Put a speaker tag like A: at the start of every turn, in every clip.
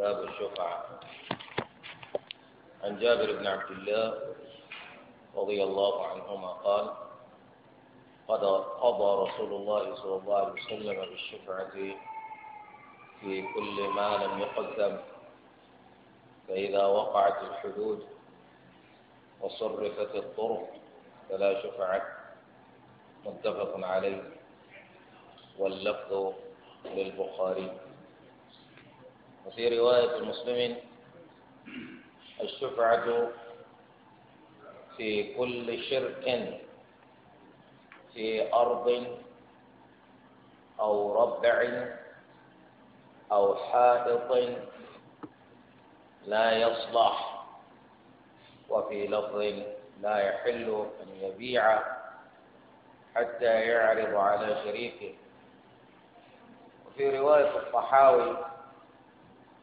A: باب الشفعة عن جابر بن عبد الله رضي الله عنهما قال قد قضى رسول الله صلى الله عليه وسلم بالشفعة في كل ما لم يقدم فإذا وقعت الحدود وصرفت الطرق فلا شفعة متفق عليه واللفظ للبخاري وفي رواية مسلم الشفعة في كل شرك في أرض أو ربع أو حائط لا يصلح وفي لفظ لا يحل أن يبيع حتى يعرض على شريكه وفي رواية الطحاوي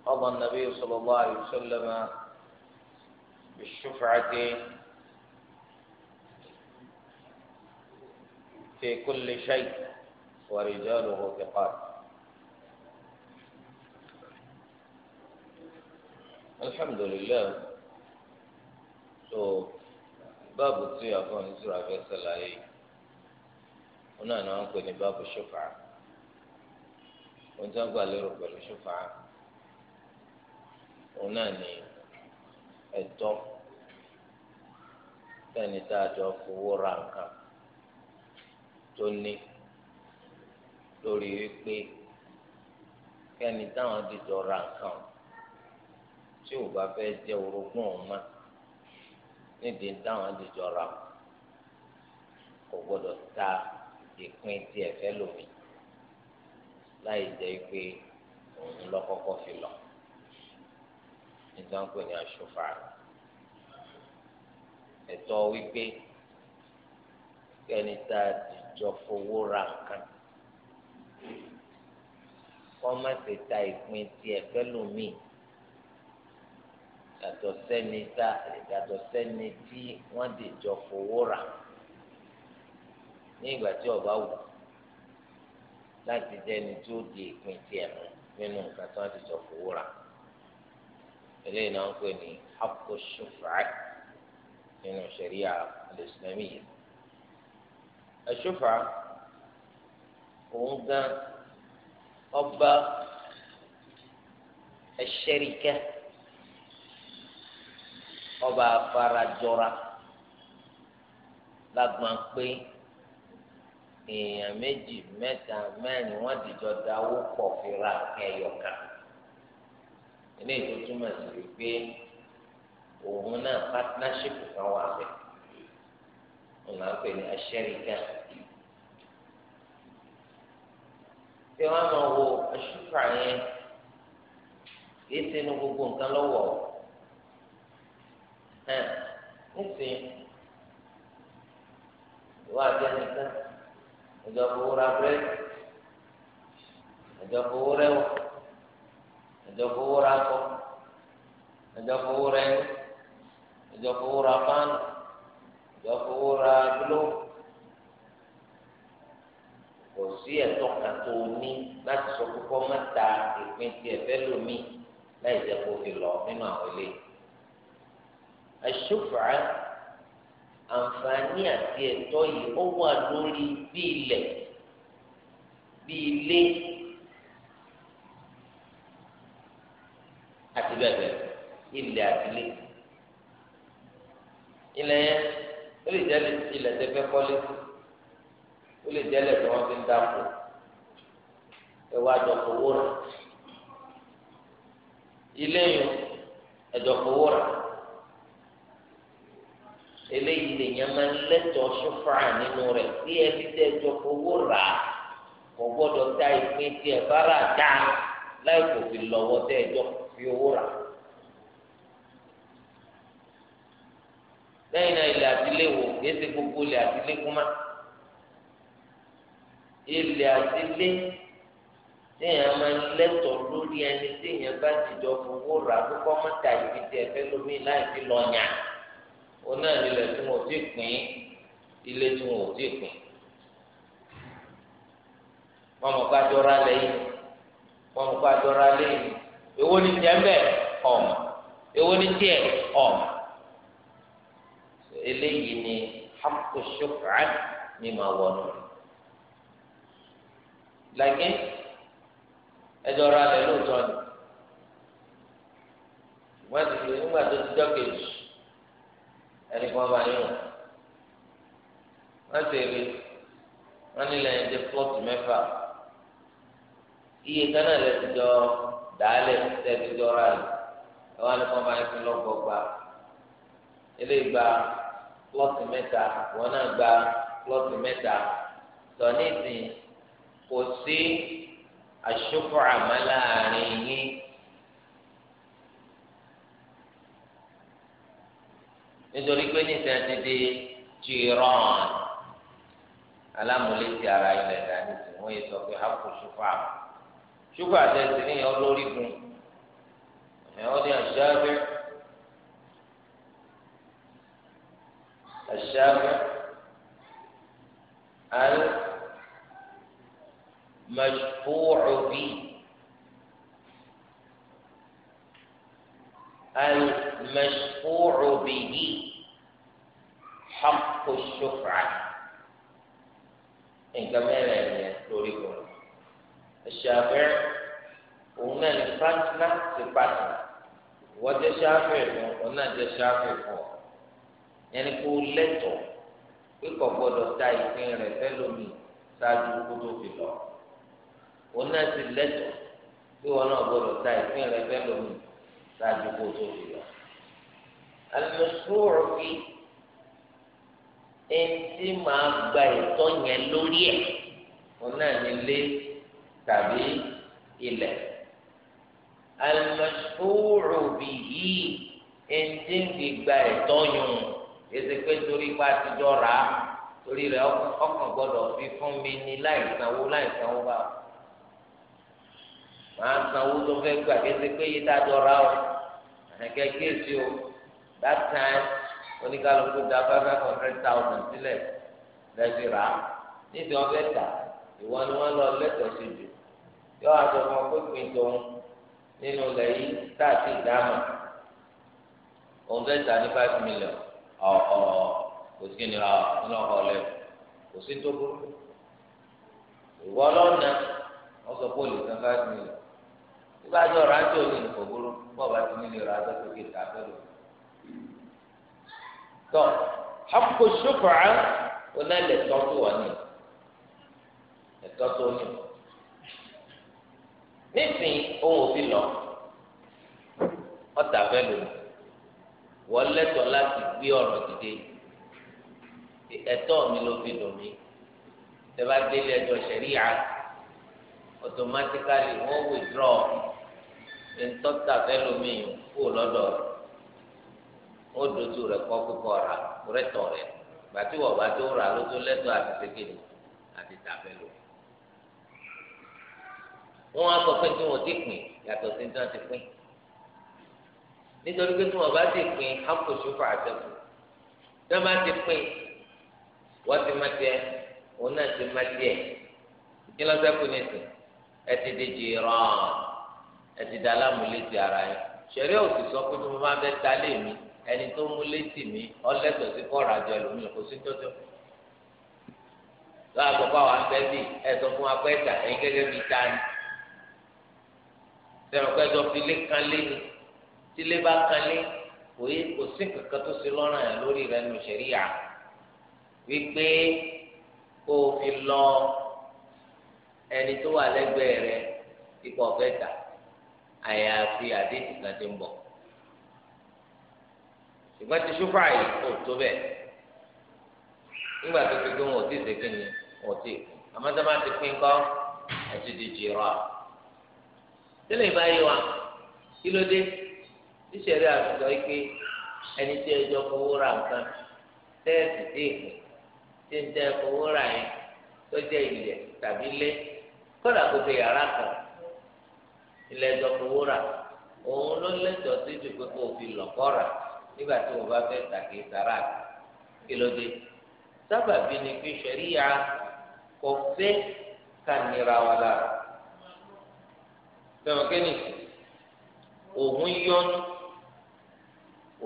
A: قضى النبي صلى الله عليه وسلم بالشفعة في كل شيء ورجاله ثقات الحمد لله تو باب الضيافة نزرع في السلاي هنا نقول باب الشفعة وانت قال لي ربنا الشفعة òun náà ní ẹ̀tọ́ sẹ́ni tá a jọ fowó ra nǹkan tó ní lórí wípé kẹ́ni táwọn dìjọ ra nǹkan tí ò bá fẹ́ jẹ́ orogún òun mọ́ nídìí táwọn dìjọ ra kò gbọ́dọ̀ ta ìpín tí ẹ fẹ́ lómi láì jẹ́ pé òun lọ́kọ́kọ́ fi lọ níta ń pè ní àṣùfà ẹ̀tọ́ wípé ẹni tá a ti jọ fowó ra nǹkan kọ́ má ṣe ta ìpín tiẹ̀ fẹ́lòmíì yàtọ̀ sẹ́ni tá yàtọ̀ sẹ́ni tí wọ́n ti jọ fowó ra ní ìgbà tí ọba wù láti jẹ́ ẹni tí di ìpín tiẹ̀ mú nínú nǹkan tí wọ́n ti jọ fowó ra eléyìí náà ń pè ní haqqu shufa'a nínú sharia al-islamiyya ashufa'a òun gan ọba ẹsẹrikẹ ọba afarajọra lágbọn pé èèyàn méjì mẹ́ta mẹ́rin wọn dìjọ dáwó pọ̀ fira kẹyọkan eléyìí tó túmọ̀ sí wípé òun náà partnership kan wà bẹ́ẹ̀ òun náà pè ní aṣẹ́ríkà tí wọ́n máa wo aṣúkà yẹn kìí ṣe inú gbogbo nǹkan lọ́wọ́ ẹ̀ nísìnyí ìwà àjẹnìkan ìjọba owó ra ìjọba owó rẹwà ẹjọ fowó ra kọ ẹjọ fowó ra ẹni ẹjọ fowó ra fáànù ẹjọ fowó ra gíló kò sí ẹ̀tọ́ kan tó o ní láti sọ pé kọ́ má ta ìpín tiẹ̀ fẹ́ lómi láì jẹ́ kó fi lọ nínú àwọn ilé àṣùfà àǹfààní àti ẹ̀tọ́ yìí ó wà lórí bí ilẹ̀ bí ilé. bẹ́ẹ̀ bẹ́ẹ̀ ilẹ̀ àtìlé ilẹ̀ yẹn ó lè jẹ́ ilẹ̀ tẹ́ fẹ́ kọ́lé ó lè jẹ́ ilẹ̀ tí wọ́n fi ń dáko ẹ̀wọ́ àjọkòwò rẹ̀ ilé yẹn ẹ̀jọkòwò rẹ̀ eléyìí lèèyàn máa ń lẹ́tọ̀ọ́ ṣọ́fà nínú rẹ̀ tí ẹbí tẹ́ ẹ̀jọkòwò rà kò gbọ́dọ̀ ta ìpín tí ẹ̀ bá rà dá láì kò fi lọ́wọ́ tẹ́ ẹ̀jọkòwò. fi owó rà lẹ́yìn náà ilẹ̀ àtìlé wò kìí gbogbo ilẹ̀ àtìlé kúmá ilẹ̀ àtìlé téèyàn máa ń lẹ́tọ̀ lórí ẹni téèyàn bá jìjọ fowó rà kókó mọ́ta ibi tí ẹ fẹ́ lómi láì fi lọ yàn náà nílẹ̀ tí ti pín ilé tí ti pín mọ̀ ká jọra lẹ́yìn mọ̀ ká jọra lẹ́yìn. èwo ni tiẹ̀ ń bẹ̀ ọ̀mà èwo ni tiẹ̀ ọ̀mà eléyìí ni hapò ṣokra ni màá wọnú rẹ̀ lẹ́gẹ́ ẹjọ́ ra lẹ̀ lóòótọ́ ni wọ́n ti fi nígbà tó ti dọ́kẹ̀jì ẹni kan bá yín wọ́n ti rí wọ́n nílẹ̀ ẹ̀jẹ̀ plọ́ọ̀tù mẹ́fà iye kan náà lẹ́sìn jọ. dàálẹ̀ tẹ́bi jọra rẹ̀ ẹ wá ní kọ́ máa fi lọ́gbọ̀ gba gba mẹ́ta wọn náà gba plọ́ọ̀tì mẹ́ta tọ́ní kò sí àṣùkò àmọ́ láàrin yín. nítorí pé nísìnyí ti di tìrọ̀n alámúlétí ara ilẹ̀ dání tí wọ́n yẹ sọ pé kò ṣùkọ́ àmọ́. ṣùgbọ́n àtẹ̀sí ni ìyẹn olórí gun ẹ̀yìn ọdún àṣàbẹ̀ àṣàbẹ̀ àlù mashfu'u bi àlù mashfu'u bihi haqqu shuf'a nǹkan mẹ́rin ẹ̀ lórí gun. Ṣàfẹ́ òun náà ní pátínà sí pátínà ìwọ jẹ́ ṣáfẹ́ fún òun náà jẹ́ ṣáfẹ́ fún ọ yẹnni kó lẹ́tọ̀ọ́ pé kò gbọ́dọ̀ ta ìpín rẹ̀ fẹ́lómi ṣáájú kó tó fi lọ òun náà ti lẹ́tọ̀ọ́ pé wọn náà gbọ́dọ̀ ta ìpín rẹ̀ fẹ́lómi ṣáájú kó tó fi lọ. àlùsùrù fi ẹni tí màá gba ìtọ́ yẹn lórí ẹ̀ òun náà ní lé tàbí ilẹ̀ alimọ̀sọ́rọ̀ bí yìí ẹ̀ńtí ń gbígba ẹ̀tọ́ yùn èsì pé torí pa àtijọ́ rà á torí rẹ̀ ọkàn gbọ́dọ̀ fi fún mi ní láì sanwó láì sanwó bá màá sanwó tó fẹ́ gbà kéde pé yìí dájọ́ rà ó àhẹ́kẹ́ kéèsì o that time oníkàlùkù da five hundred thousand sílẹ̀ lẹ́sìn rà á níbi ọ̀fẹ́ tà ìwọ ni wọ́n lọ lẹ́tọ̀ọ́ sí jù yọ àjọ ọmọ pínpín tòun nínú ilẹ̀ yìí táàtì ìdáàmà òun fẹ́ tà ní five million ọ̀ọ̀ kò sí ní ọ̀ọ̀ lẹ́wọ̀ kò sí tó burú ìwọ lọ́nà wọ́n sọ pé olè san five million tí bá jọ rájò ní kò burú bọ́ọ̀ bá ti nílé rájò tó kéde àbẹ̀lò. tọ́ hapkò ṣùkọ́ ọ̀nà ilẹ̀ tọ́tù wọ̀ ní ẹ̀tọ́tù onímọ̀ nísìnyí ohun òfin lọ ọ̀tá fẹ́ lò wọ́n lẹ́tọ̀ọ́ láti gbé ọ̀rọ̀ dìde ẹ̀tọ́ mi ló fi dùn mí tẹ́lá délé ẹjọ́ sẹ̀ríyà automatically wọ́n withdraw ntọ́ta fẹ́ lómi kú lọ́dọ̀ ó dojú rẹ̀ kọ́ kókó ra rẹ̀ tọ̀ rẹ̀ gbàtí wọ́n bá tó rà ló tó lẹ́tọ̀ọ́ àti ṣèkéde àti tàfẹ́ lómi wọn á sọ pé tí wọn ti pín yàtọ̀ sí tí wọn ti pín nítorí pé tí wọn bá ti pín akóso fà àtẹkù tí wọn bá ti pín wọn ti má tiẹ̀ wọn náà ti má tiẹ̀ kí ló sẹ́kù ní sìn ẹ ti di jìrán ẹ ti di alámúlétì ara yẹn sẹ̀rí òsì sọ pé tí mo bá fẹ́ ta lé mi ẹni tó mú létí mi ọlẹ́tọ̀ọ́ sí kọ́ra jọ ẹlòmíràn kò sí tọ́jọ́ lọ́wọ́ àgbọ̀pá wa ń bẹ́ bí ẹ̀sọ́ fún apẹ́ta ẹ̀yin gẹ́gẹ́ bíi ta sẹ̀rọ̀ pẹ́jọ fi lé kan lé ni tí lé bá kan lé òye kò sí kankan tó ṣe lọ́rùn yẹn lórí rẹ̀ nù sẹ̀ríyà wípé kó o fi lọ ẹni tó wà lẹ́gbẹ̀ẹ́ rẹ̀ ipò ọ̀fẹ́ ta àyàfi àdéhùn kan ti ń bọ̀ ṣùgbọ́n ti ṣúfà yìí kò tó bẹ́ẹ̀ nígbà tó fi gbé wọn ò tí ì ṣe ni wọn ò tí ì kú àmọ́ tó ti pín kọ́ ẹ̀ ti di jìrọ̀ àwọn tẹ́lẹ̀ ìbáyé wa kí ló dé tíṣẹ̀rí àtúntò yìí pé ẹni tí ẹjọ́ fowó ra nǹkan tẹ́ẹ̀sì dé ìpín tí ń tẹ́ fowó ra yẹn tó jẹ́ ilẹ̀ tàbí lé kódà kó fi yàrá kan ilẹ̀ ẹjọ́ fowó ra òun ló lẹ́tọ̀ọ́ sí ju pé kó o fi lọ́kọ́ rà nígbà tí wọ́n bá fẹ́ tàkì sára kí ló dé sábàbí ni pé ṣẹ̀ríyà kò fẹ́ ká nira wa lára sẹ́wọ̀n kẹ́ni òun yọnu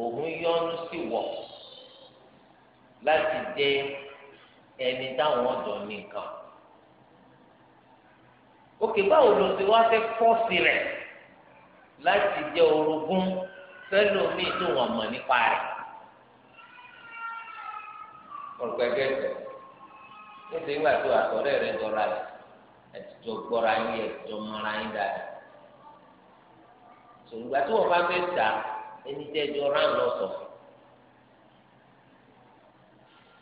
A: òun yọnu sí wọ̀ láti dé ẹni táwọn ọ̀dọ́ ní nǹkan òkè báwo ló ti wá fẹ́ fọ́ọ̀sì rẹ̀ láti jẹ́ orogún fẹ́lòmíì tó wọ́n mọ̀ nípa rẹ̀ ọ̀rùkọ ẹgbẹ́ ẹ̀fẹ́ nítorí wà tó àtọ̀rẹ́ rẹ̀ dọ̀ra ẹ̀ gbọ́ra yín ẹ̀tùtù mọ́ra yín dáadáa sòǹgbà tí wọn bá fẹ́ tà ẹni jẹjọ rán lọ sọ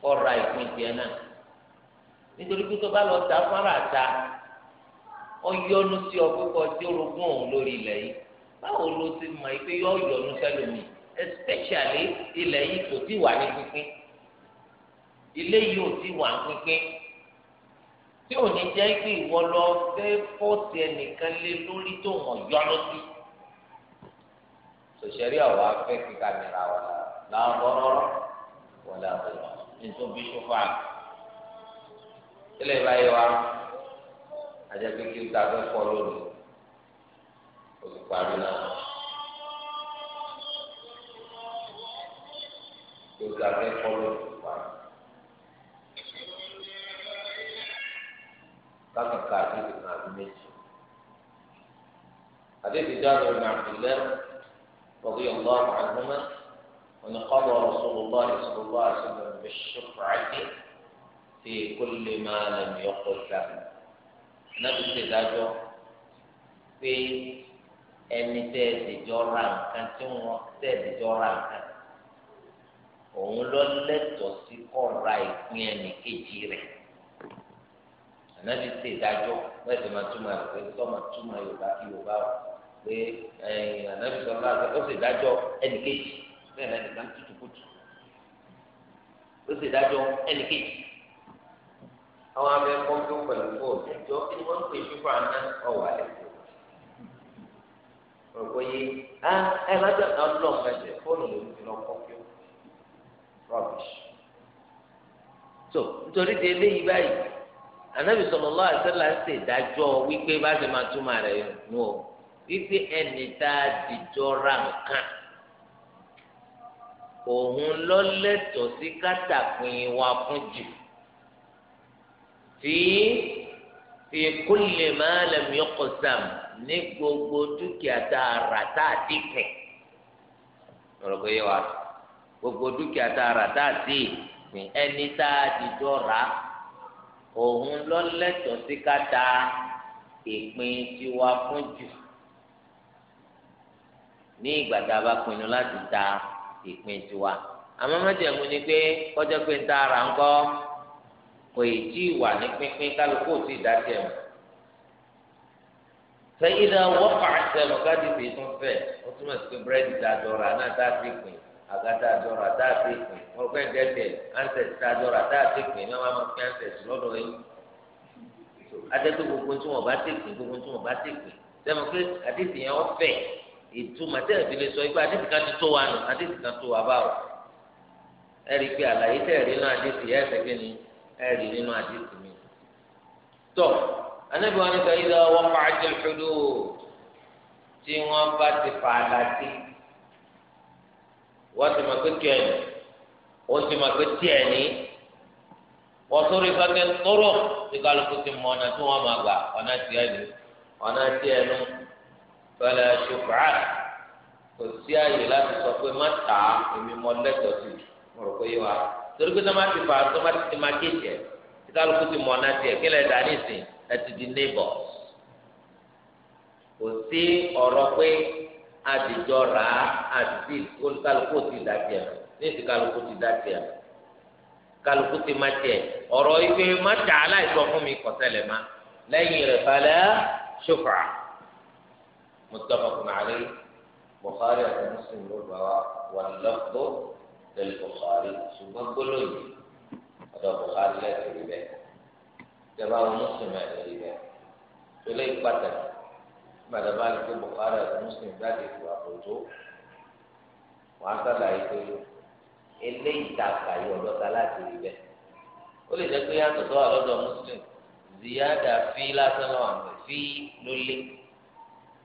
A: ọ̀ra ìpín tiẹ̀ náà nítorí pé tó bá lọ tà fara ta ọyọnu sí ọ pípọ̀ tí orogún òun lórí ilẹ̀ yìí báwo ló ti mọ̀ pé yọ ọyọnu sẹ́lómi especially ilẹ̀ yìí kò tí wà ní pínpín ilé yìí ò tí wà pínpín tí ò ní jẹ́ pé ìwọ lọ fẹ́ fọ́ọ̀tì ẹnìkan lé lórí tó wọ́n yọnu sí sòṣèré ọ̀wá fẹ́ kíkà mìíràn wà láwọn bọ́rọ́rọ́ wọlé àbúrò nítorí ṣùfà ilé ìbáyé wa àjẹpé kí n ta fẹ́ kọ́ lónìí olùparí náà kí n ta fẹ́ kọ́ lónìí olùparí. kákàkà àti ìdìbò àti méjì àti ìdìbò àti ìdìbò رضي الله عنهما أن قضى رسول الله صلى الله عليه وسلم بالشفعة في كل ما لم يقل له نبي سيداجو في ẹni tẹ ẹdìjọ ra nǹkan tí wọn tẹ ẹdìjọ ra nǹkan òun lọ lẹ́tọ̀ọ́ sí kọra ìpín ẹnì kejì rẹ̀ ànábi ṣe ìdájọ́ bẹ́ẹ̀ tó máa túmọ̀ rẹ̀ pé tó máa túmọ̀ yorùbá kí yorùbá wà. pé ẹ̀yìn ànábì sọlá àti ó sì dájọ́ ẹnìkejì bẹ́ẹ̀ náà nìkan tutù kùtù ó sì dájọ́ ẹnìkejì àwọn abẹ kọńtò pẹ̀lú fóònù ẹjọ́ kí wọ́n ń pè fífọ àná ọwọ́ àlẹ ọgbọ yìí á ẹ má jẹ ọdún náà fóònù ló lọ so nítorí ti eléyìí báyìí ànábì sọlọ lọ àti sẹlẹ ń ṣe wípé bá ṣe máa túmọ̀ rẹ̀ nù wípé ẹnì tá a dìjọ ra nǹkan òun lọ lẹ́tọ̀ọ́ sí kátàpín wa fún jù tí fi kúlè máa lẹ́mí ọkọ̀ sàm ní gbogbo dúkìá tá a rà tá a ti pín lọ́rọ̀ pé yẹ gbogbo dúkìá tá a rà tá a ti pín ẹni tá a dìjọ rà òun lọ lẹ́tọ̀ọ́ sí kátà ìpín tiwa fún jù ní ìgbà tá a bá pinnu láti ta ìpín tiwa àmọ́ májẹ̀mú ni pé kọjá pé ń ta ara ń kọ́ kò ì tí ì wà ní pínpín kálukú ò tí ì dá tiẹ̀ mọ́ sẹ́yìnà wọ́pà àtẹnu káàdì tí tún fẹ́ ó túmọ̀ sí pé búrẹ́dì tá a dọ̀rọ̀ àná tá a ti pín àga tá a dọ̀rọ̀ tá a ti pín ọ̀pẹ́ gẹ́gẹ́ ansẹ̀tì tá a dọ̀rọ̀ tá a ti pín ní wọ́n máa fi ansẹ̀tì lọ́dọ̀ yìí adẹ́tò gbogbo tí wọ́n bá ti pín gbogbo tí wọ́n bá ti pín sẹ́mu pé ìtumọ̀ tẹ́ ẹ̀ fi lè sọ ìgbà àdéhùn kan ti tó wa nù àdéhùn kan tó wa báwò ẹ rí i pé àlàyé tẹ́ ẹ̀ rí nínú àdéhùn ẹ̀ fẹ́ kí ni ẹ rí nínú àdéhùn mi. tọ́ anábì wọn ní sọ ìdá wọn fà á jẹ ṣodo tí wọ́n bá ti fà á láti wọ́n ti mọ̀ pé kẹ́ẹ̀nì wọ́n ti mọ̀ pé tiẹ̀ ní wọ́n tó rí fẹ́kẹ́ tóró tí ti mọ ọ̀nà tí wọ́n máa gbà ọ̀nà tiẹ̀ ní ọ̀nà tiẹ̀ ní fẹlẹ ṣùgbọ́n kò sí àyè láti sọ pé má tà á èmi mọ lẹ́tọ̀ọ́ sí mo rò pé yé wa torí pé tọ́mà ti fà á tọ́mà ti ti máa kéjẹ ìtàlùkù ti mọ̀ náà tiẹ̀ kílẹ̀ dà nísìn ẹ ti di neighbors kò sí ọ̀rọ̀ pé àdìjọ rà á àti olùkàlùkù ti dà tiẹ̀ ní ìsìkàlùkù ti dà tiẹ̀ kálukú ti má tiẹ̀ ọ̀rọ̀ yìí pé má tà á fún mi kọ̀tẹ́lẹ̀ má lẹ́yìn rẹ̀ balẹ̀ ṣòfà. متفق عليه بخاري ومسلم للرواة واللفظ للبخاري ثم كل هذا بخاري لا تريبه جماعة مسلم لا تريبه فليك بطل بعد ذلك بخاري ومسلم ذلك وأخرجه وعسل عليه eléyìí ta àkàyè ọ̀dọ́ta láti rí bẹ́ẹ̀ ó lè jẹ́ pé yàtọ̀ tó wà lọ́dọ̀ muslim في fi lásán náà wà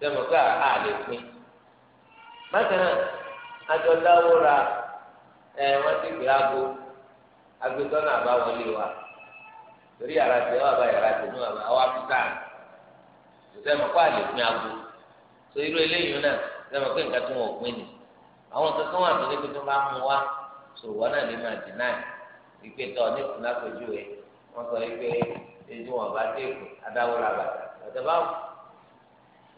A: sẹ́mu a lè pín. bákan náà àjọ dáwó ra ẹ wọ́n ti gbé aago wa torí yàrá tẹ ọ yàrá tẹ níwà bá wà fi sáà sẹ́mu lè pín aago so irú eléyìí náà na pé nǹkan tó wọ́n pín ni àwọn kankan wà tó tó bá mú wa sòrò wọn náà lè máa dì náà ìpè ní wọn sọ wípé wọn bá dé èkó adáwó ra bàtà bàtà báwò.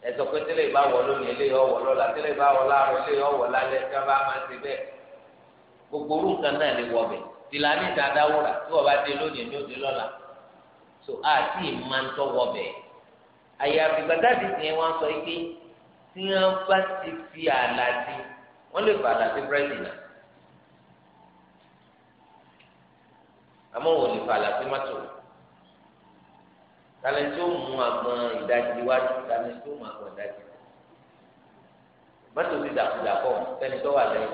A: ẹsọ pé tẹ́lẹ̀ ìbá wọ lónìí eléyìí ọwọ lọ́la tẹ́lẹ̀ ìbá wọ láàrọ̀ eléyìí ọwọ lálẹ́ tí wọn bá máa ti bẹ́ẹ̀ gbogbo orú nǹkan náà lè wọbẹ tìlà ní ìdádáwó rà tí wọn bá dé lónìí ní òde lọ́la so àti ìmọ̀ ń tọ́ wọbẹ àyàfi gbàdáàdì tiẹ̀ wọn sọ ike tí wọn bá ti fi àlà sí wọn lè fà àlà sí búrẹ́dì náà àmọ́ wọn lè fà àlà sí mọ́tò tani tí ó mú agbọn ìdajì iwájú tani tí ó mú agbọn ìdajì mọ́tò ti dàkúdà pọ̀ sẹ́ni tó wà lẹ́yìn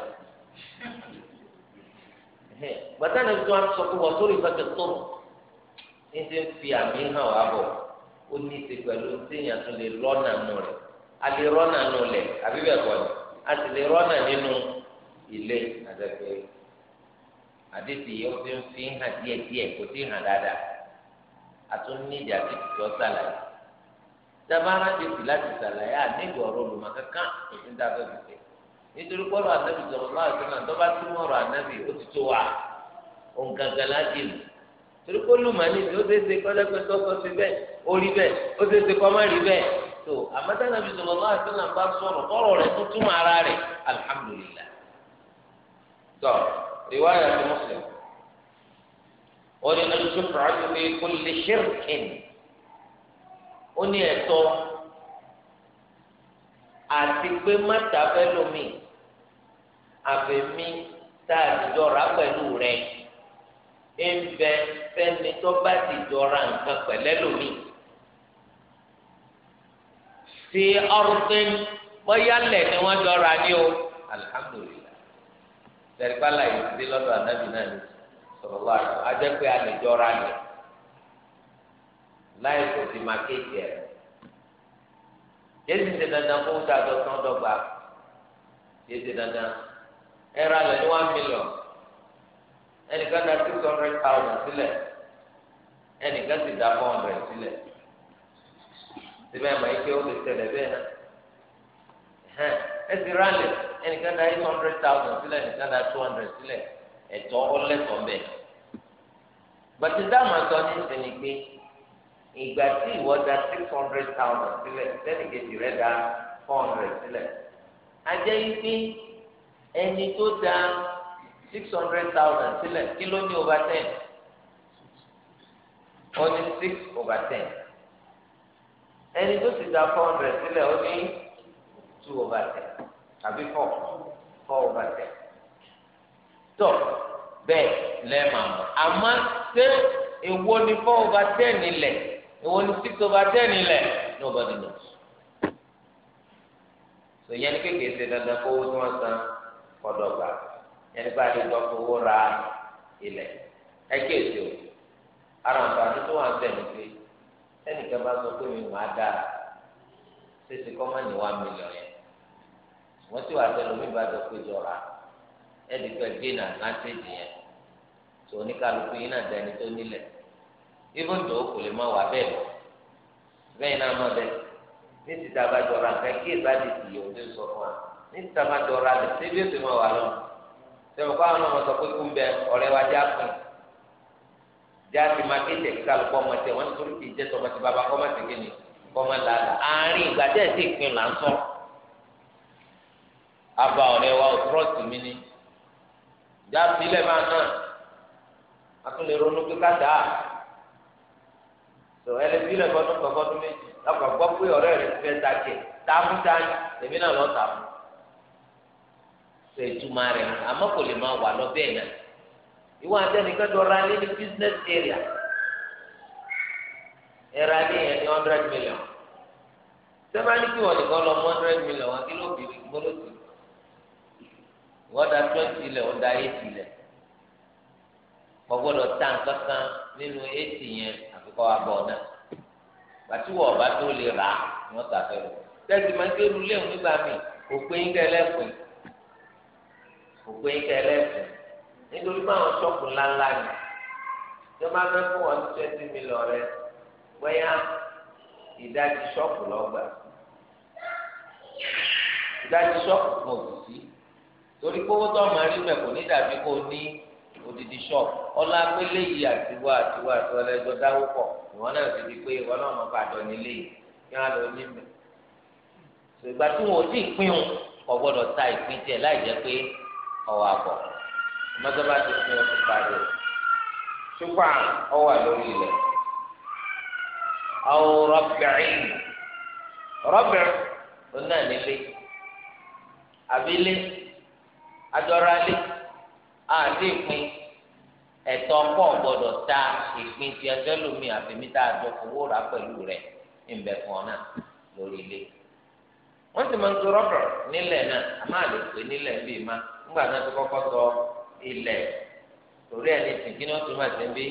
A: gbàtà ni tó wà sọ pé wọ́n sórí ìfẹ́ tó ní ti fi àmì hàn wá bọ̀ ó ní ti pẹ̀lú téèyàn tó lè rọ́nà nù rẹ̀ a lè rọ́nà nù lẹ̀ àbí bẹ́ẹ̀ kọ́ ni a sì lè rọ́nà nínú ilé àtẹ̀fẹ́ àdéhùn ó ti fi hàn díẹ̀díẹ̀ kò tí hàn dáadáa àtúndì àti tìtọ́ sàlàyé dábàárà ti sì láti sàlàyé ànígbà ọ̀rọ̀ olùmọ̀ kankan òfin dábẹ́ bìtẹ́ nítorí pọ́lọ́ ànábì sọ̀rọ̀ lọ́wọ́ àti náà tọ́ba tí wọ́n rọ ànábì ó ti tó wa òǹkàǹkà láti lù torí pé olùmọ̀ ní ti ó ṣe é ṣe kọ́lẹ́pẹ́ tọ́sọ sí bẹ́ẹ̀ ó rí bẹ́ẹ̀ ó ṣe é ṣe kọ́mọ́ rí bẹ́ẹ̀ tó àmọ́tá ànábì sọ̀rọ̀ lọ́wọ́ àti bá sọ̀rọ̀ tọ́rọ̀ rẹ̀ tó túmọ̀ ara rẹ̀ alihamudulilayi ó ní alùpùpù àdúgbò kò lè ṣèrìkìn ó ní ẹ̀tọ́ àti pé mọ́tà fẹ́ lómi àfẹ̀mí tá a ti jọra pẹ̀lú rẹ̀ ń bẹ fẹ́ni tó bá ti jọra nǹkan pẹ̀lẹ́ lómi ti ọrùn bóyá lẹ̀ ni wọ́n jọra ní o alihamudulilayi tẹ̀lifá la yìí ti lọ́dọ̀ ànábì náà nìyí. sọlọlá ajẹ pé a lè láì kò sí máa kéèké ẹ yéésì ṣe dandan kó wúta dọ́tán dọ́gba yéésì dandan ẹ ra ní one million ẹnìkan dá six hundred thousand sílẹ̀ ẹnìkan sì dá four hundred sílẹ̀ síbẹ̀ mọ̀ ike ó lè tẹ̀lé bẹ́ẹ̀ ẹ ra ẹnìkan dá eight hundred thousand sílẹ̀ ẹnìkan dá two hundred ẹ̀tọ́ ọlẹtọ bẹ gbàtí dáhùn àtọ ní ìsinmi pé ìgbà tí ìwọ da six hundred thousand sílẹ̀ sẹnìkejì rẹ da four hundred sílẹ̀ ajẹ́ yìí pé ẹni tó da six hundred thousand sílẹ̀ kí ní over ten ó ní six over ten ẹni tó ti da four hundred sílẹ̀ ó ní two over ten tàbí four four over ten tọ̀ bẹ́ẹ̀ lẹ́ẹ̀mà mọ̀ àmọ́ ṣé èwo ni four over ten ilẹ̀ èwo ni six over ten ilẹ̀ nobody knows. sọ yẹn ní kékeré ṣe dandan kó owó tí wọ́n san kọ́dọ̀ gbà yẹn ní bá a lè gbọ́ fún owó ra ilẹ̀ ẹ kéèsì o ara nǹkan tó wà ń bẹ̀ pé ẹnìkan bá sọ pé mi wàá dára ṣèṣe kọ́ mọ́ ní one million yẹn wọ́n ti wà tẹ́lẹ̀ omi ìbàdàn péjọ ra ẹ̀dì pẹ̀ gbéná advantage yẹn tó oníkàlùkù yín náà dání tó nílẹ̀ even tó kò lè má wà bẹ́ẹ̀ lọ bẹ́ẹ̀ náà mọ̀ bẹ́ẹ̀ ní ti ta bá jọra nǹkan kí ìbá di ti yòó tó sọ fún wa ní ti ta bá jọra lẹ̀ ṣé bí ó ti mọ̀ wà lọ sẹ́wọ̀n kó àwọn ọmọ sọ pé kú ń bẹ ọ̀rẹ́ wa já pin já ti máa ké tẹ̀ kíkàlùkù ọmọ tẹ̀ wọ́n ti tó ti jẹ́ tọmọ ti bàbá kọ́mọ ti kéde kọ́mọ làálà àárín ìgbà tẹ̀ sí ìpín là ń sọ abà ọ̀rẹ́ wa ò trọ́ọ̀tì mi ni já sílẹ̀ máa náà a tún lè ronú pé ká dáa tó ẹni sílẹ̀ fọdún kọ̀ọ̀kọ́dún méjì lọ́kọ̀ gbọ́ pé ọ̀rẹ́ rẹ̀ fẹ́ ta jẹ táàmù táàmù èmi náà lọ́ọ́ tààmù tó ìtumọ̀ rẹ̀ àmọ́ kò lè máa wà lọ náà ìwọ àtẹnikẹ́ tó ra ní business area ẹ̀rọ alẹ́ yẹn ní hundred million sẹ́fà ní kí wọ́n nìkan lọ mọ́ hundred million wọn kí ló bìrì gbọ́dọ̀ sí wọ́n da twenty lẹ̀ wọ́n da eighty lẹ̀ gbọ́gbọ́dọ̀ tá nǹkan kan nínú eighty yẹn àfikọ́ abọ́ náà bàtí wọ́n ọba tó lè rà á ni wọ́n tà fẹ́rẹ̀ tẹ́sí máa ń ké lu léwu nígbà míì òpè ń kẹ́ lẹ́pẹ́ òpè ń kẹ́ lẹ́pẹ́ nítorí pé àwọn ṣọ́ọ̀kù ńláńlá ni tí wọ́n bá fẹ́ fún wọn twenty million rẹ bóyá ìdajì ṣọ́ọ̀kù lọ́gbà ìdajì ṣọ́ọ̀kù kan ò sí torí kówó tó ọmọ rí mẹ kò ní dàbí kó ní odidi shop ọlá pé léyìí àtiwá àtiwá àtiwá lẹjọ dáwó pọ̀ ìwọ náà ti di pé ìwọ náà mọ bàjọ nílé yìí kí wọn lọ ní mẹ ṣùgbà tí wọn ò tí ì pín un kò gbọ́dọ̀ ta ìpín tiẹ̀ láì jẹ́ pé ọwọ́ àbọ̀ mọtọba ti pín oṣù parí o ṣùgbọ́n àlórí ilẹ̀ àwọn rọbìrin rọbìrin ló náà nílé àbílẹ̀. adọ́ralé àti ìpín ẹ̀tọ́ taa gbọ́dọ̀ ta ìpín tí lomi àfẹ̀mítà ta owó rà pẹ̀lú rẹ̀ ńbẹ fún ọ náà lórí ilé. wọ́n ti máa ń tó nílẹ̀ náà a máa lè pè nílẹ̀ bíi ma ńgbà náà tó torí tì kí ni ti máa bí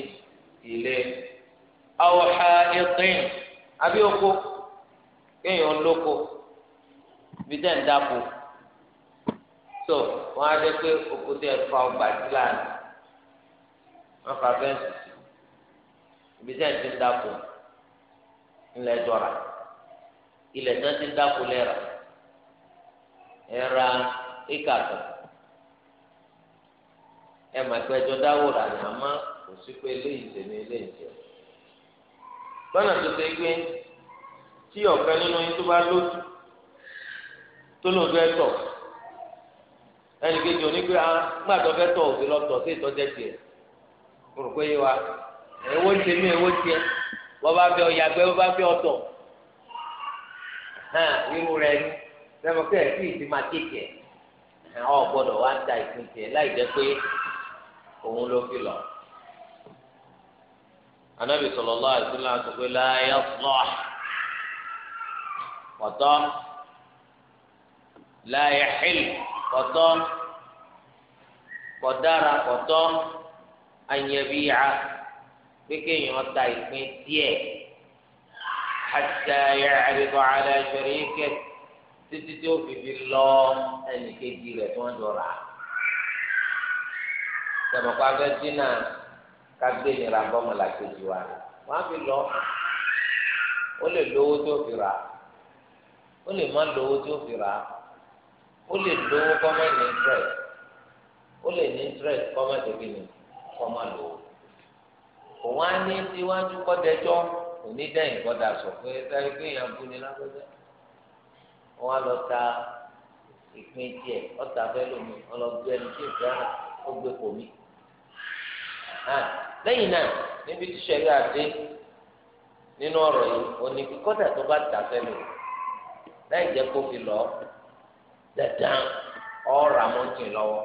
A: ilé. tó wọn á jẹ pé òkúta ẹ̀fà ọgbà dílànì wọn fà fẹ́ǹsì sí ibi tí ẹ̀ ti ń dáko ńlẹ̀ dọ́ra ilẹ̀ tí wọ́n ti ń dáko lẹ́ra ẹ̀ra éka kan ẹ̀ mà pé ẹjọ́ dáwò rà ní àmọ́ kò sí pé eléyìí tẹ̀lé eléyìí tẹ̀ lọ́nà tó ṣe gbé tí ọ̀kan nínú yín tó bá lójú tó lòdù ẹ̀ ẹnì kejì òní pé ah ńgbà tó fẹ́ tọ̀ òsè lọ́tọ̀ sí ìtọ́jẹ́ tiẹ̀ mo rò pé yé wa èwo ń tẹ̀mí èwo ń tiẹ̀ wọ́n bá fẹ́ ọ̀yàgbẹ́ wọ́n bá fẹ́ ọ̀tọ̀ hàn irú rẹ̀ ni sẹ́mi pé ẹ̀sìn ìdí máa kéèké ẹ̀ ọ̀ gbọ́dọ̀ wá da ìpín tiẹ̀ láì jẹ́ pé òun ló fi lọ. Ànábì sallallahu alaihi wasallam sọ pé la yaslah wa la kọtọ kọdára kọtọ anyabíya pé kéèyàn ta ìpín díẹ̀ àtàyà àbíkọ aláṣọrẹ kẹ títí tí ó fi fi lọ ẹnì kejì rẹ̀ tí wọn dọra tẹmọkọ abẹ dínà kágbé nira bọmọlá kejì wa wọn á fi lọ ó lè tó fi rà ó lè má tó fi ó lè lówó kọ́mọ̀ interest ó lè ní interest kọ́mọ̀ tẹ̀lé ní kọ́mọ̀ lówó òun á ní tiwájú kọ́dẹjọ́ onídẹ̀yìn kọ́dà sọ pé sáré pé èèyàn bú ni lágbẹ́jẹ́ wọ́n á lọ ta ìpín tiẹ̀ ọ̀tà fẹ́ lómi ọlọ́gbẹ́ ẹni tí ìfẹ́ rà ó gbé kò mí. lẹ́yìn náà níbi tí sẹ́yìn àdé nínú ọ̀rọ̀ yìí òní kọ́dà tó bá tà fẹ́ lò láì jẹ́ kó fi lọ́ọ́ dandan ọ̀rọ̀ amọ̀tì lọ́wọ́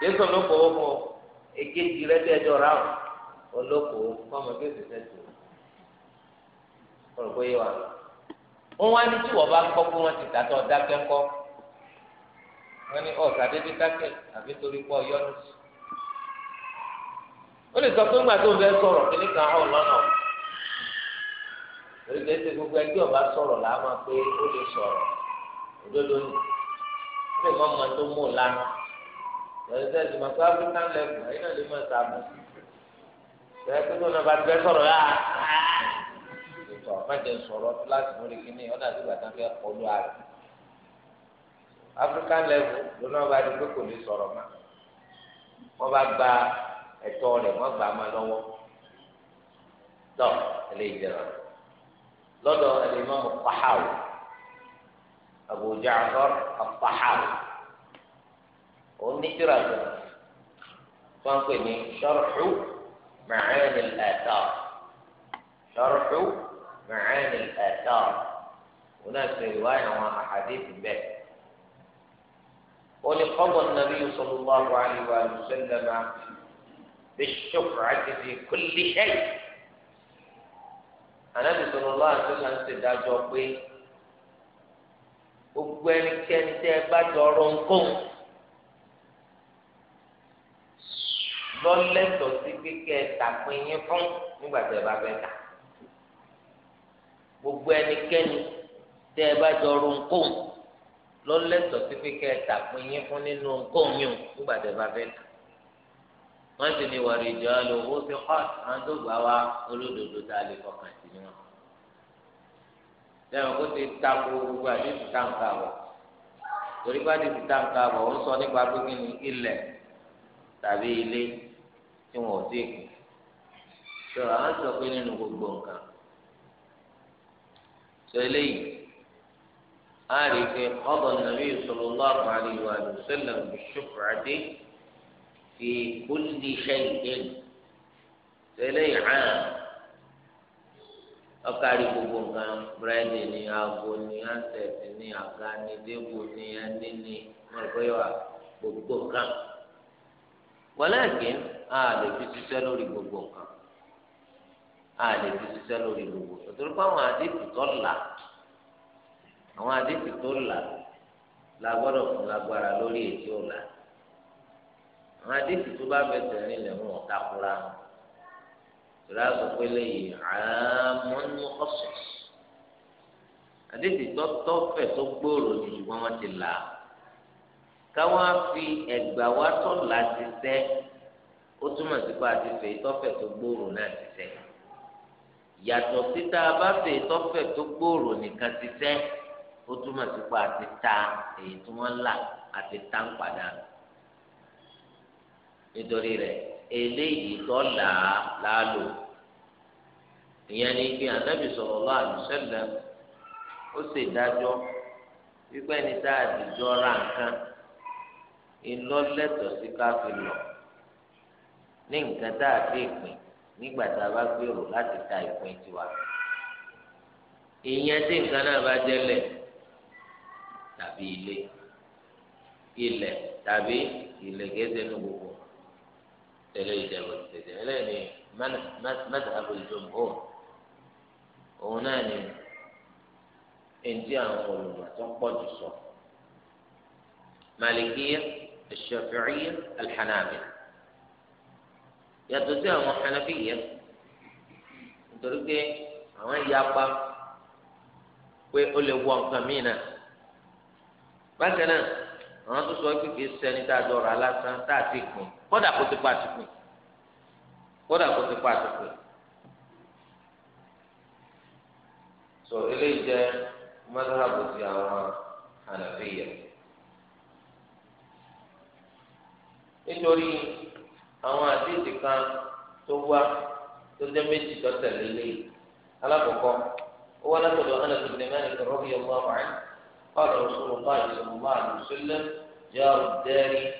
A: jésù olókòwò fún èkejì rẹ bí ẹjọ́ ra olókòwò fọmọ bí oṣù tẹ̀sí ọ̀rọ̀ bóyá wà wọ́n wá ní tí wọ́n bá kọ́ pé wọ́n ti tà tọ́ dákẹ́ ńkọ́ wọ́n ní ọ̀sà dédé torí ó lè sọ pé ńgbà tó ń kíní kan gbogbo òdodo ni ṣé ìmọ̀ ọmọ tó mú lánà lọ́dún tẹ́ ti mọ̀ pé african level ayé náà lè mọ̀ sábà bẹ́ẹ̀ pé tó náà bá bẹ́ẹ̀ sọ̀rọ̀ yá ìtọ̀ mẹ́jẹ sọ̀rọ̀ kíláàsì lórí kínní ọ̀dà tó gbàtà fẹ́ kọlu àrẹ african level ló náà bá di pé kò lè sọ̀rọ̀ mọ́ wọ́n bá gba ẹ̀tọ́ rẹ̀ wọ́n gbà má lọ́wọ́ tọ́ ẹ̀ lè jẹrà lọ́dọ̀ ẹ̀ lè mọ̀ mọ̀ pàhàwọ̀. أبو جعفر الطحاوي والنجرة فانكني شرح معاني الآثار شرح معاني الآثار هناك رواية وأحاديث به ولقضى النبي صلى الله عليه وآله وسلم بالشفعة في كل شيء النبي صلى الله عليه وسلم استدعى gbogbo ẹnikẹ́ni tẹ́ ẹ bá jọ ọ̀rọ̀ nǹkan lọ́lẹ́tọ̀ sí kíkẹ́ tàpín yín fún nígbà tẹ́ ẹ bá fẹ́ tà gbogbo ẹnikẹ́ni tẹ́ ẹ bá jọ ọ̀rọ̀ nǹkan lọ́lẹ́tọ̀ sí kíkẹ́ tàpín yín fún nínú nǹkan yín nígbà tẹ́ ẹ bá fẹ́ tà wọ́n ti ní wàrí ìjọ lówó ti kọ́ àwọn tó gbà wá olódodo tá a lè fọkàn sí ni wọ́n lẹ́yìn kó ti tako gbogbo àti ti tàǹkà bọ̀ torí bá ti ti tàǹkà bọ̀ ó ń sọ nípa pínpín ní ilẹ̀ tàbí ilé tí wọn ò tí ì kù tó àwọn sọ pé nínú gbogbo nǹkan tó eléyìí a rí i pé ọ̀dọ̀ nàbí sallallahu alaihi wa sallam bishuf'ati fi kulli shay'in tó eléyìí hàn ọkàrí gbogbo nǹkan búrẹ́dì ni aago ni ansẹ̀tì ni àga ni débò ni ẹni ni mọ̀lẹ́kọ́yọ̀wá gbogbo nǹkan.
B: wọ́lẹ́ẹ̀kín a lè fi
A: ṣiṣẹ́ lórí gbogbo nǹkan a lè fi ṣiṣẹ́ lórí gbogbo nǹkan torí pé àwọn àdéhùn tó là àwọn àdéhùn tó là la gbọ́dọ̀ fún lágbára lórí èyí tó là àwọn àdéhùn tó bá fẹsẹ̀ rìn lẹ́wọ̀n ọ̀tá kura wọn tìrẹ́sì pélé yìí àmọ́n mọ́kọ́sọ̀s àdéhùn tọ́tọ́fẹ̀ tó gbòòrò ní ṣùgbọ́n wọ́n ti là káwọn á fi ẹ̀gbà wá tọ́ là ti sẹ́ ó túmọ̀ sí pé àti fèé tọ́fẹ̀ tó gbòòrò náà ti sẹ́ yàtọ̀ síta bá fèé tọ́fẹ̀ tó gbòòrò nìkan ti sẹ́ ó túmọ̀ sí pé àti ta èyí tí wọ́n là àti tá ń padà nítorí rẹ̀. eléyìí tó là á lálò ìyẹn ni pé ànábì sallallahu alaihi wasallam ó sì dájọ́ wípé ẹni tá a dìjọ ra nǹkan ìlọ́lẹ́tọ̀ sí ká fi lọ ní nǹkan a fi nígbà tá a bá gbèrò láti ta ìpín tiwa ìyẹn tí nǹkan náà bá jẹ́lẹ̀ tàbí ilé ilẹ̀ tàbí ilẹ̀ gẹ́gẹ́ التليجة والتليجة من مذهب الجمهور هناني انتي انقل تنقل الصف مالكية الشافعية الحنابلة يا تزيهم الحنفية تركي إيه؟ وين يابا ويقول لي وان كمينة مثلا àwọn tó sọ pé kìí sẹni tá a jọ rà lásán tá a ti pin kódà kó ti pa ti pin kódà kó ti pa ti pin. sọ eléyìí jẹ mọ́tàlábù ti àwọn ànàfíyà nítorí àwọn àdéhùn kan tó wá tó jẹ méjì tó tẹ̀lé lé alákọ̀ọ́kọ́ ó wá látọ̀dọ̀ Anas ibn Malik radiyallahu anhu. قال رسول الله صلى الله عليه وسلم جار الدار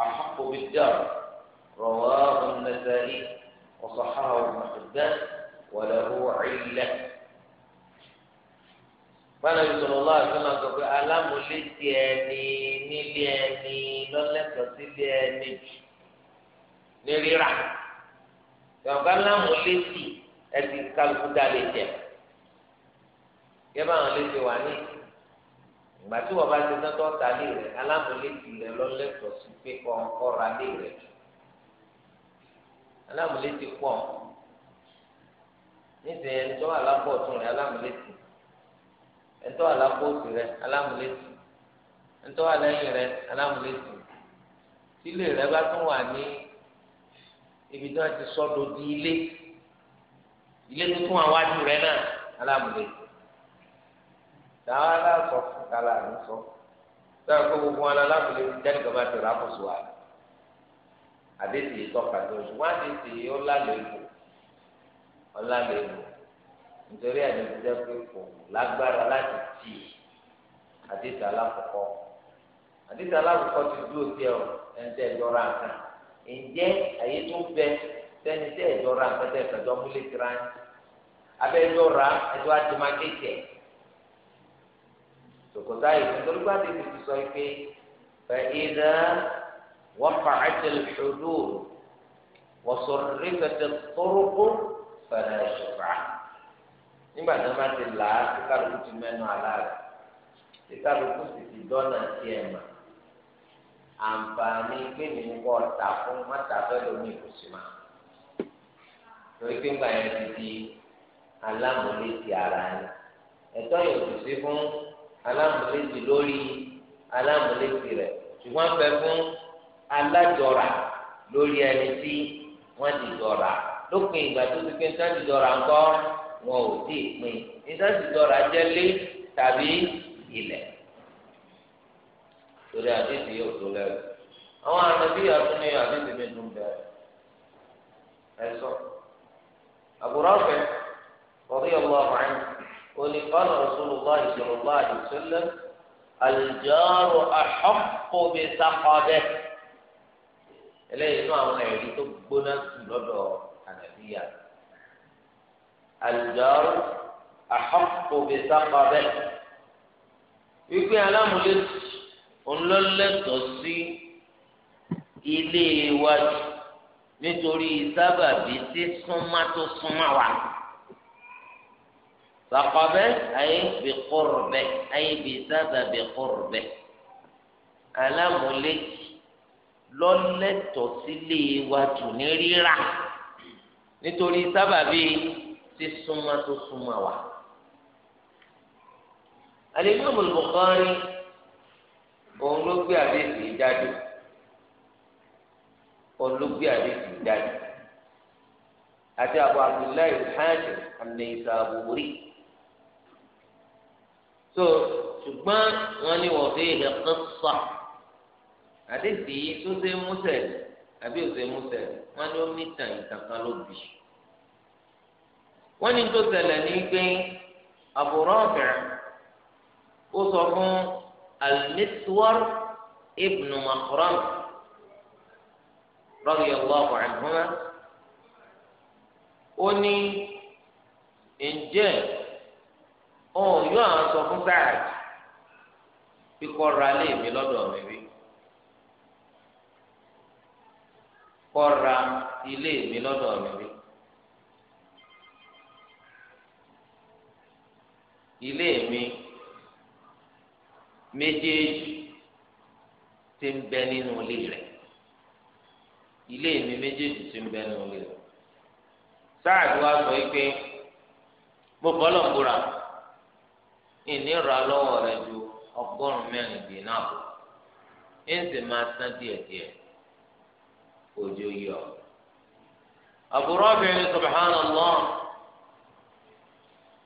A: احق بالدار رواه النسائي وصححه ابن حبان وله عله قال صلى الله عليه وسلم قال الم لتياني نلياني لولك تلياني نريرا راح قال لم لتي اتي كالفدالي تيم يبقى لتي وعنيك ìgbà tí wọn bá ti tán tó ta lé rẹ alámúlétì rẹ lọlẹtọ sí pé kọ ọra lé rẹ alámúlétì pọ nísìnyí ẹni tó wà lápò ọ̀tún rẹ alámúlétì ẹni tó wà lápò òsì rẹ alámúlétì ẹni tó wà lẹ́yìn rẹ alámúlétì tílé rẹ bá tún wà ní ibi tí wọn ti sọdọ di ilé ilé tuntun àwọn rẹ náà alámúlétì táwa aláṣọ kálá ń sọ sọ́yìn kó gbogbo wọn aláàbò lè fi jáde gbọ́dọ̀ àti ọ̀rọ̀ àkóso wa àdéhùn yìí tọ́ka tó o ṣùgbọ́n àdéhùn yìí ó lálẹ́ ìbò ó lálẹ́ ìbò nítorí ẹni tó jẹ́ pé kò lágbára láti tì í àdéhùn alákọ̀ọ́kọ́ àdéhùn alákọ̀ọ́kọ́ ti dúró sí ẹ ẹni tẹ́ ẹ̀dọ́ra nǹkan ǹjẹ́ àyè tó ń bẹ sẹ́ni tẹ́ ẹ̀dọ́ra nǹkan tẹ́ ẹ̀fẹ̀dọ́ múlẹ̀ tìrán abẹ́ ẹ̀dọ́ra ẹ̀dọ́ àti máa kéèké sòkòtà yìí nítorí bá débi ti sọ pé fẹ̀yìdá wọ́pà àjẹlẹ̀ ṣòdò wọ́sọ̀rọ̀ fẹ̀tẹ̀ tórókó fẹ̀rẹ̀ ṣùfà. nígbà tí wọ́n bá ti là á tí kálukú ti mẹ́nu àlá rẹ̀ tí kálukú sì ti dọ́nà sí ẹ̀ mà àǹfààní pé mi ń fún mọ́tà fẹ́lẹ́ omi ìkùsì mà torí pé ńgbà yẹn ti di alámúlétì ara yẹn ẹ̀tọ́ yóò tù sí fún alámúlétì lórí alámúlétì rẹ̀ ṣùgbọ́n bẹ fún alájọra lórí ẹni tí wọ́n ti jọra lópin ìgbà tó ti pé ní sáà ti jọra ńkọ́ wọn ò tí ì pín ní sáà ti jọra jẹ́ lé tàbí ilẹ̀ torí àdéhùn yóò tó lẹ́rù àwọn àmọ́bí àtúnú àdéhùn mi dùn bẹ́ẹ̀ ẹ sọ àbúrò ọ̀fẹ́ ọ̀rí ọ̀gbọ́n ọ̀hún. قال رسول الله صلى الله عليه وسلم الجار أحق بسقده eléyìí inú àwọn ẹ̀rí tó gbóná sí lọ́dọ̀ ànàbíyà àlùjáru àhọ́kùnbí sábàbẹ́ wípé alámúlétí ńlọ́lẹ́tọ̀ sí ilé iwájú nítorí sábàbí tí súnmá tó súnmá wa sàkọbẹ ayé bi kúrbẹ ayé bi sábà bi kúrbẹ alámúlétí lọlẹtọ sílé iwájú ní rírà nítorí sábàbí sísúnmọ́ tó súnmọ́ wa. Al-Imam Al-Bukhari òun ló gbé àdéhùn jáde òun ló Abu Abdullahi Hajj an-Naysaburi so ṣùgbọ́n wọn ní wọ́n fi hẹ kọ́sà àdéhìí yìí tó ṣe músẹ̀ àbí òṣè músẹ̀ wọn ní ó ní tàn ìtàkà ló bì wọn ní tó ṣẹlẹ̀ ní pé àbúrò ọ̀bẹ̀ ó sọ fún al-Miswar ibn Makhram radiyallahu anhuma ó ní ǹjẹ́ òun yóò àwọn sọ fún Saad kíkọ́ ra lé mi lọ́dọ̀ mi rí kọ́ ra ilé mi lọ́dọ̀ mi rí ilé mi méjèèjì ti ń bẹ nínú ilé rẹ̀ ilé mi méjèèjì ti ń bẹ nínú ilé rẹ̀ Saad wá sọ pé mo bọ́ lọ́kùnrin. ìnira lọ́wọ́ rẹ ju ọgọ́rùn-ún mẹ́rin dì náà bọ̀ ń máa san díẹ̀díẹ̀ òjò yọ. Abu Rabi subhanallah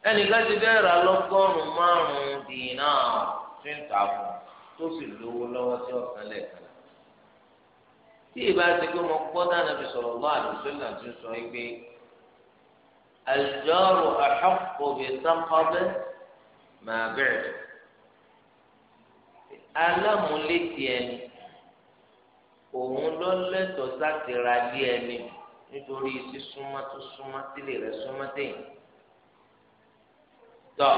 A: ẹnìkan ti bẹ́ẹ̀ ra lọ́gọ́rùn-ún márùn-ún dì náà tí ń tà fún tó sì lówó lọ́wọ́ ọ̀sán tí ìbá ti pé mo gbọ́ dáná fi sọ̀rọ̀ máa bẹ̀rẹ̀ alámúlétí ẹni òun ló lẹ́tọ̀ọ́ ra lé ẹni nítorí sísúnmọ́ tó súnmọ́ sílé rẹ̀ súnmọ́ téyìn tọ́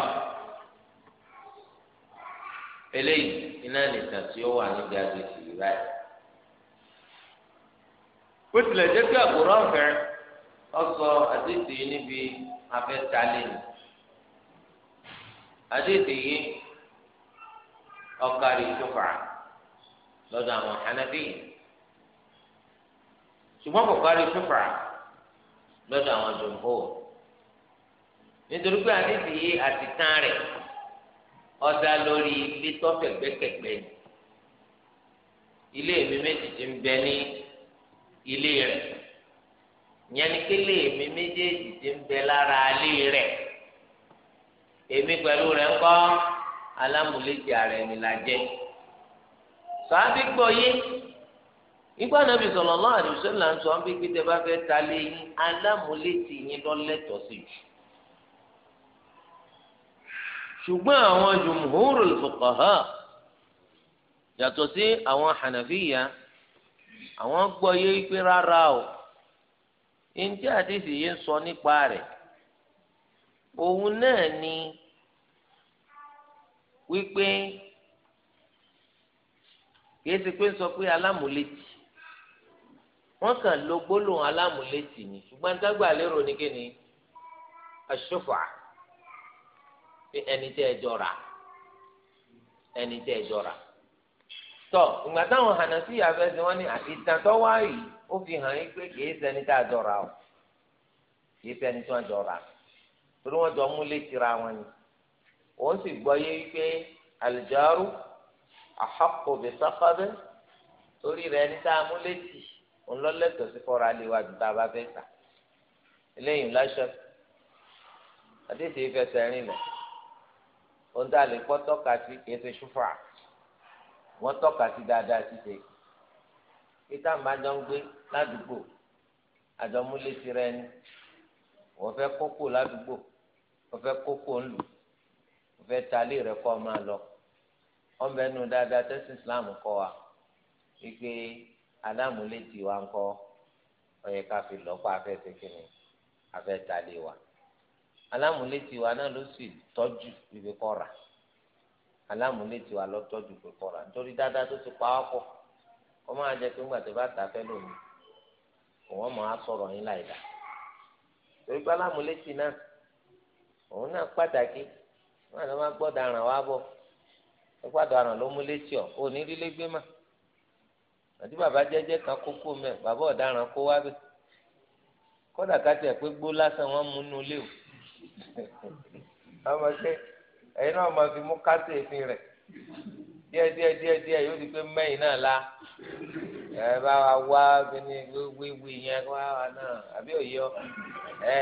A: eléyìí iná nìkan tí ó wà níbi agbèsè yìí báyìí bó tilẹ̀ jẹ́ pé àbúrò ọ̀fẹ́ àdéhùn yìí ọkàrí ìṣòfà lọ́dọ̀ àwọn hanabi ṣùgbọ́n kò kárí ìṣòfà lọ́dọ̀ àwọn jòǹkó nítorí pé àdéhùn yìí àti tán rẹ̀ ọ̀dà lórí ilé tọ́fẹ̀ gbẹ́kẹ̀gbẹ́ ilé mi méjì ń bẹ ní ilé rẹ̀ yẹnikẹ́lẹ́ mi méjèèjì ti ń bẹ lára ilé rẹ̀ èmi pẹ̀lú rẹ̀ ń kọ́ alámúlétí ara ẹni la jẹ́ sọ́ábí gbọ́ yé igbá nàbì sallallahu alaihi wasallam ń sọ ọ́n bí pété bá fẹ́ ta lé yín alámúlétí yín lọ́lẹ́tọ̀ọ́ sí jù ṣùgbọ́n àwọn jumhurul fuqaha yàtọ̀ sí àwọn hànàfíyà àwọn gbọ́ yé pé rárá o ìǹtí àdìsí yìí ń sọ nípa rẹ̀ òun náà ni wípé kìí ṣe pé ń wọn kàn lo gbólóhùn ni ṣùgbọ́n nígbàgbà lérò ní kíni aṣọ́fà pé ẹni tẹ́ ẹ jọra tọ ìgbà táwọn ni ìtàn tó ó fi hàn yín pé a jọra o kìí torí wọn jọ mú létira wọn ni òun sì gbọ́ yé wípé àlùjárù àhàkò bẹsàkọbẹ torí rẹ̀ ní tá a mú létí òun lọlẹtọ sí fọra léwà ju tá a bá fẹ́ tà eléyìí láṣọ àdéhùn ìfẹsẹ̀ rìn lẹ̀ ohun tá lè kọ́ tọ́ka sí kìí ṣe ṣúfà sí dáadáa ṣíṣe peter mbàjọ́ ń gbé ládùúgbò àjọmúlé ni wọ́n fẹ́ kókó ládùúgbò ọfẹ kókó ńlù ọfẹ talé rẹ kọ máa lọ ọmọ ẹnu dáadáa tẹsí islam kọ wa wípé aláàmú lè di wa ńkọ ọyẹ ká fi lọpọ afẹ tẹkẹnì afẹ talé wa aláàmú lè di wa náà ló sì tọjú ibi kọra aláàmú lè di wa lọ tọjú ibi kọra nítorí dáadáa tó ti pa á pọ ọmọ àjẹ pé ńgbà tó bá tà fẹ lónìí òun ọmọ sọ̀rọ̀ yín láì dá torí pé aláàmú lè di náà. òun náà pàtàkì wọn àti wọn gbọ́dọ̀ àràn wá bọ̀ gbọ́dọ̀ àràn ló mú létí ọ òní lílé gbé mà àti bàbá jẹjẹ kan kókó mẹ bàbá ọ̀daràn kó wá bẹ kódà pé gbó lásán wọn mú ẹyin náà máa fi mú èéfín rẹ yóò di pé mẹyìn náà la ẹ bá wa wá wíwí yẹn wá wa náà àbí òye ọ ẹ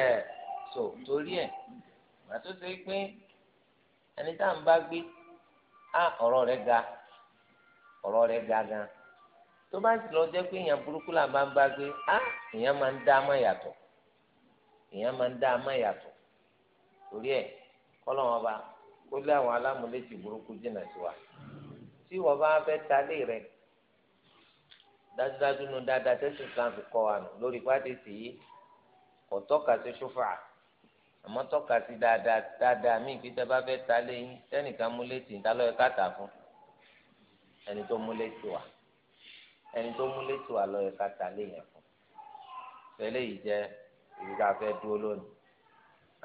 A: torí ẹ. àti ó ṣe é pé ẹni tá à ń bá gbé á ọ̀rọ̀ rẹ̀ ga ọ̀rọ̀ rẹ̀ ga gan tó bá sì lọ jẹ́ pé èèyàn burúkú là máa ń bá gbé á èèyàn máa ń dá má yàtọ̀ èèyàn máa ń dá má yàtọ̀ torí ẹ̀ kọ́lọ́wọ́n bá kó lé àwọn alámúlétì burúkú jìnnà sí wa tí wọ́n bá fẹ́ ta lé rẹ̀ dájúdájú nu dáadáa tẹ́sí Islam fi kọ́ wa nù lórí pàdé sí yìí kò tọ́ka sí ṣúfà àmọ́ tọ́ka sí dáadáa dáadáa míì pé tẹ́ bá fẹ́ ta léyìn tẹ́nìkan mú létí níta lọ́yẹ káta fún ẹni tó mú létí wá ẹni tó mú létí wá lọ́yẹ káta léyìn fún tẹ́lẹ̀ yìí jẹ́ ibi fẹ́ dúró lónìí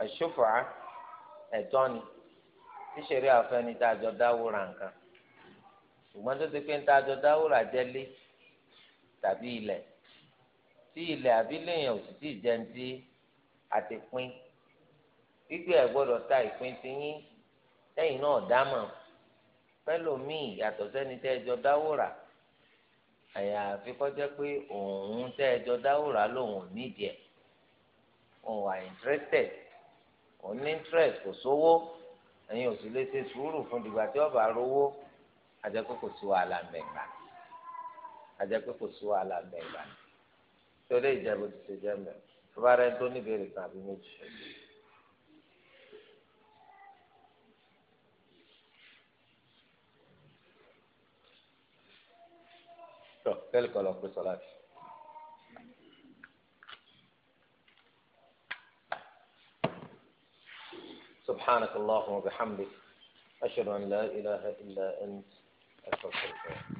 A: àṣùfà ẹ̀tọ́ ni tíṣẹ̀rí àfẹ́ni tá a jọ dáwòrán nǹkan ṣùgbọ́n tó ti pé ń tá a jọ dáwòrán jẹ́ lé tàbí ilẹ̀ tí ilẹ̀ àbí léyìn ò sì tí ì jẹun tí a gbígbé ẹ gbọ́dọ̀ ta ìpín ti yín lẹ́yìn náà dámọ̀ fẹ́lòmíì yàtọ̀ sẹ́ni tẹ́ ẹjọ́ dáwó rà àyàfi kọjá pé òun tẹ́ ẹjọ́ dáwó rà lòun ò nídìí ẹ̀ òun wà interested òun ní interest kò sówó ẹ̀yin ò sì lè ṣe sùúrù fún dìgbà tí ọba rówó àjẹpẹ́ kò sí wàhálà mẹ́gbà àjẹpẹ́ kò sí wàhálà mẹ́gbà tó lè jẹ́ bó ti ṣe jẹ́ mẹ́ tó bá rẹ́ tó níbèrè kan àbí méjì. tel que leur سبحانك اللهم وبحمدك أشهد أن لا إله إلا أنت أستغفرك